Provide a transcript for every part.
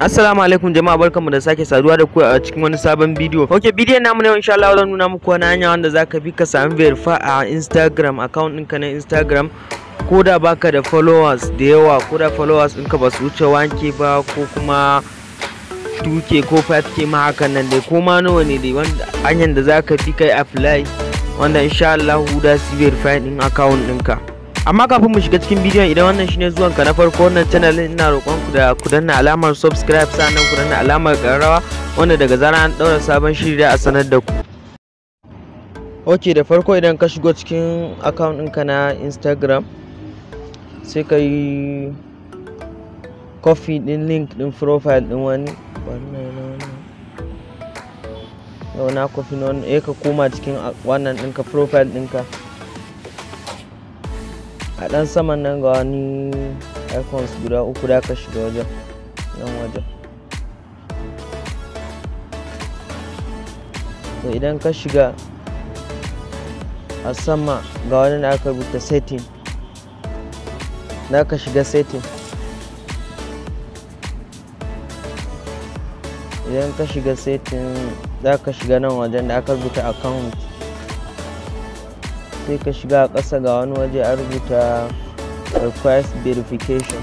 Assalamu alaikum jama'a barkanmu da sake saduwa da ku a cikin wani sabon bidiyo. Ok bidiyon namu ne insha Allah zan nuna muku wani hanya wanda zaka bi ka samu verify a Instagram account ɗinka na Instagram ko da baka da followers da yawa ko da followers ɗinka ba su wuce wanke ba ko kuma 2 ko 5k ma hakan nan dai ko ma nawa ne dai wanda hanyar da zaka bi kai apply wanda insha Allah da su verify ɗin account ɗinka. amma kafin mu shiga cikin bidiyon idan wannan shine zuwan ka na farko wannan channel ina roƙon ku da ku danna alamar subscribe sannan ku danna alamar karawa wanda daga zara an daura sabon shiri da a sanar da ku ok da farko idan ka shigo cikin account ɗinka na instagram sai ka yi copy ɗin link ɗin profile ɗin wani wannan na kofi na wani eh ka koma cikin wannan ɗinka profile ɗinka a ɗan saman nan ga wani icons guda uku da aka shiga wajen nan wajen to idan ka shiga a sama ga wani da aka rubuta setting da aka shiga setting idan ka shiga setting za ka shiga nan wajen da aka rubuta account sai ka shiga ƙasa ga wani waje a rubuta request verification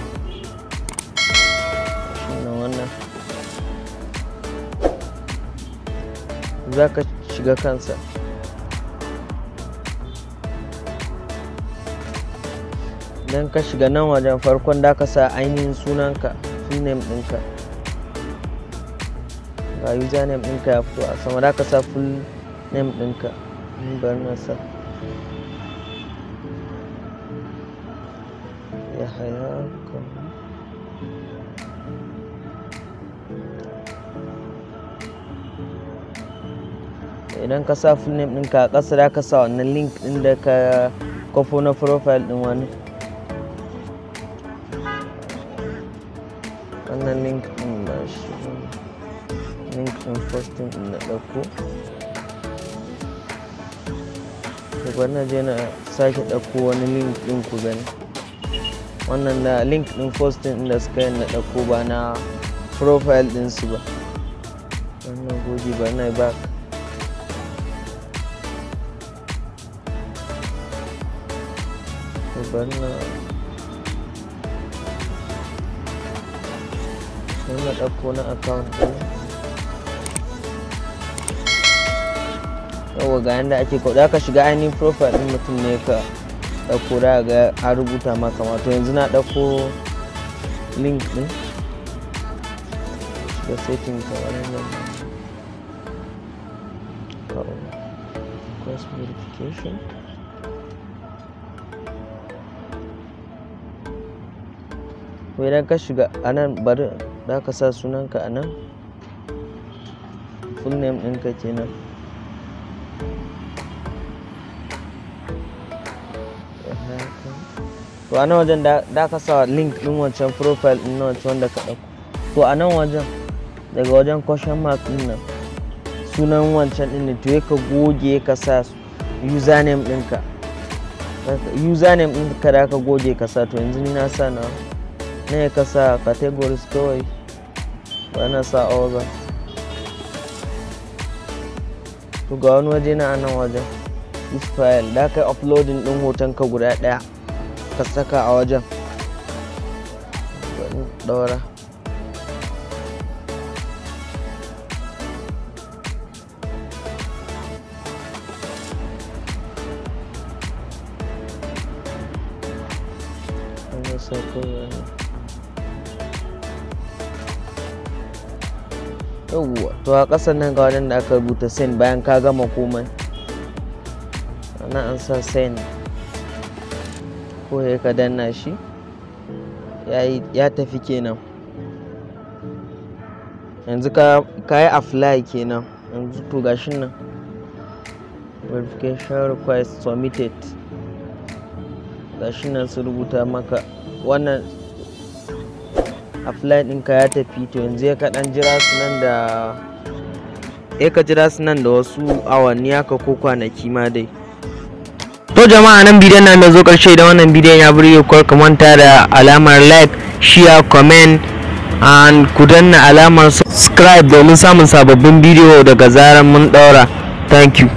za ka shiga kansa don ka shiga nan wajen farkon da ka sa ainihin sunanka name ɗinka ga username ɗinka ya fito a sama da ka sa full name ɗinka bari na sa يحياكم idan ka sa full name ɗinka a ƙasa da ka sa wannan link ɗin da ka kofo na profile ɗin wani wannan link ɗin ba shi link ɗin posting ɗin na ɗauko to na je na sake ɗauko wani link ɗin ku gani wannan na link din posting din da suka yi na ɗauko ba na profile ɗinsu ba wannan goge ba na ba wannan wannan ɗauko na account ɗin yawa ga yanda ake kwada ka shiga ainihin profile ɗin mutum ne ka ɗauko da ga an rubuta ma kama to yanzu na ɗauko link ɗin da setting kamar yadda cross verification idan ka shiga anan bari da ka sa sunanka anan full name ɗinka kenan to a nan wajen da ka sa link din wancan profile din na wancan wanda ka ɗauko to a nan wajen daga wajen question mark din nan sunan wancan din ne to ya ka goge ka sa username ɗinka username ka da ka goge ka sa to yanzu ni na sa na na ya ka sa categories kawai ba na sa all ba to ga wani waje na a nan wajen this file da ka uploading ɗin hoton ka guda ɗaya ka saka a wajen daura yauwa to a ƙasan nan ga wadanda da aka rubuta sen bayan ka gama komai ana an sa sen kawai ka danna shi ya tafi kenan yanzu ka yi apply kenan yanzu to gashin nan verification request submitted gashin nan su rubuta maka wannan apply ɗinka ya tafi to yanzu ya kaɗan jira su nan da ya ka jira su nan da wasu awanni haka ko kwanaki ma dai to jama'a nan bidiyon na mai zo karshe da wannan bidiyon ya burge ku ku manta da alamar like share comment and ku danna alamar subscribe domin samun sababbin bidiyo daga zarar mun daura thank you